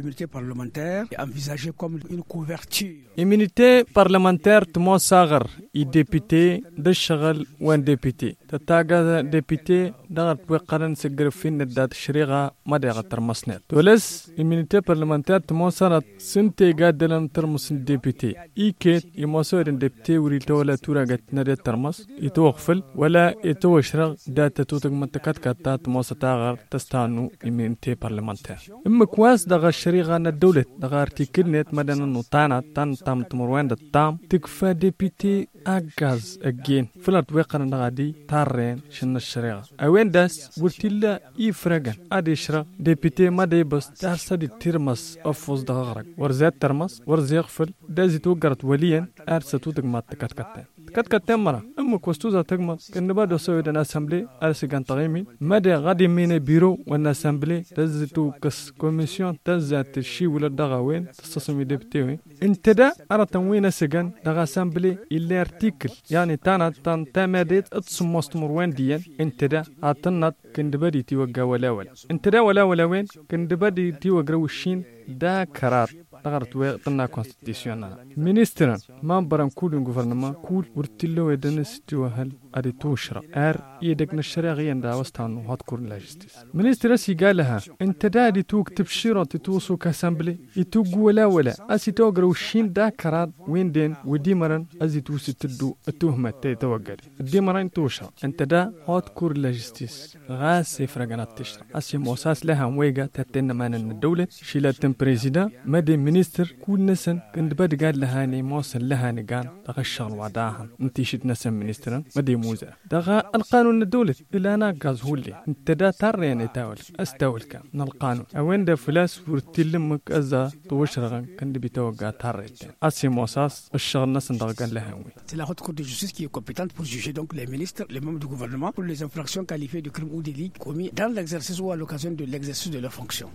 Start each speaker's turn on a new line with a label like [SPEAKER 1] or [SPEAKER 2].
[SPEAKER 1] l'immunité parlementaire est envisagée comme une couverture. Immunité parlementaire, Toumon Sagar, يديبيتي دا الشغل وان ديبيتي تتاقا ديبيتي دا غتوقرن سقر فين الدات الشريغة ما دا غترمسنات ولس المينيتي برلمانتير تموصرت سنتي قادلن ترمس ديبيتي إيكيت يموصور ديبيتي وريلتا ولا تورا قتنا دا ترمس يتوغفل ولا يتوشرغ دا تتوتك منتكات كاتا تموصتا غر تستانو المينيتي برلمانتير إما كواس دا الشريغة نا الدولة دا غارتيكلنت مدن تان تام تمروان دا تام تكفى ديبيتي aaggaas aggeen filad weeqanadhaqadii taarreen shinna shariiqa aweendaas wurtilla ii fragan adishra depite madaybas daarsadi tirmas ofus daqaqrag warzeed tarmas warzeeqfil daazit ugarat waliyan aarsat udagmaad takatkateen Kad temara, amma kwastuza tagma, kan ba da sauyo da na assemble, ala si gan tagaimin, ma da gadi mine biro wan assemble, ta zitu kas komisyon ta zati shi wula daga wen, ta sasami debte wen. Inta da ara tanwina si gan daga assemble illa artikel, yani tana tan tamadet at summas tumurwan diyan, inta da atanat kan da badi tiwaga walawal. Inta da walawala wen, kan da badi tiwaga rawshin da karat. دغر توي قلنا كونستيتيسيونال مينيستر مامبران كل غوفرنمان كل ورتلو يدن ستو هل ادي توشرا ار يدك نشرا غيان دا وستان هاتكور لا جستيس مينيستر سي قالها انت دادي توك تبشيرا تتوسو كاسامبلي يتوق ولا ولا اسي توغر وشين دا كراد وين دين وديمرن ازي توس تدو التهمة تتوقري ديمرن توشرا انت دا هاتكور لا جستيس غاسي فرقنات تشرا اسي موساس لها ويغا تتن الدولة minister kun nasan kan daba digad lahani mawsan lahani gan daga shal wadahan inti shit nasan minister madi muza daga alqanun nadulit ilana gaz hulli inta da tarrene tawal astawal kan nalqanun awenda flas furtilim kaza tuwashragan kan dibi tawaga tarrete asi mosas الشغل ناس ندرجان لها وي سي لا haute cour de justice qui est compétente pour juger donc les ministres les membres du gouvernement pour les infractions qualifiées de crimes ou délits commis dans l'exercice ou à l'occasion de l'exercice de leurs fonctions